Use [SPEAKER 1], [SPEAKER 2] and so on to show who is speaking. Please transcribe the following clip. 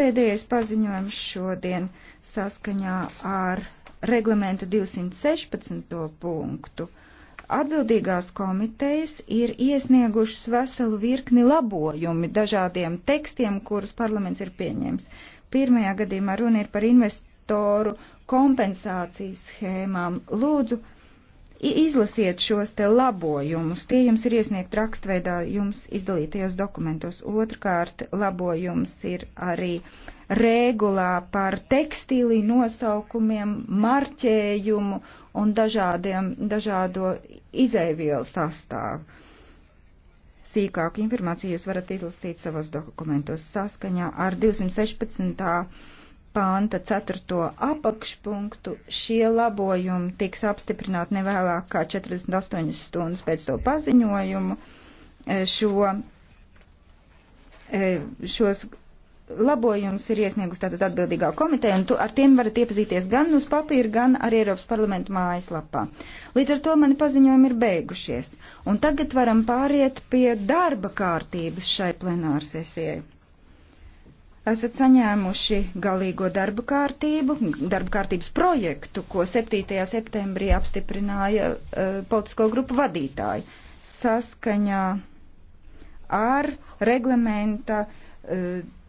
[SPEAKER 1] Pēdējais paziņojums šodien saskaņā ar reglamenta 216. punktu. Atbildīgās komitejas ir iesniegušas veselu virkni labojumi dažādiem tekstiem, kurus parlaments ir pieņēmis. Pirmajā gadījumā runa ir par investoru kompensācijas schēmām. Lūdzu, Izlasiet šos te labojumus, tie jums ir iesniegt rakstveidā jums izdalītajos dokumentos. Otrkārt, labojums ir arī regulā par tekstīlī nosaukumiem, marķējumu un dažādiem, dažādo izēvielu sastāvu. Sīkāku informāciju jūs varat izlasīt savos dokumentos saskaņā ar 216 panta 4. apakšpunktu šie labojumi tiks apstiprināti nevēlāk kā 48 stundas pēc to paziņojumu. E, šo, e, šos labojums ir iesniegus tātad atbildīgā komiteja, un tu, ar tiem varat iepazīties gan uz papīra, gan arī Eiropas parlamenta mājaslapā. Līdz ar to mani paziņojumi ir beigušies, un tagad varam pāriet pie darba kārtības šai plenārsesijai esat saņēmuši galīgo darba kārtību, darba kārtības projektu, ko 7. septembrī apstiprināja uh, politisko grupu vadītāji saskaņā ar reglamenta uh,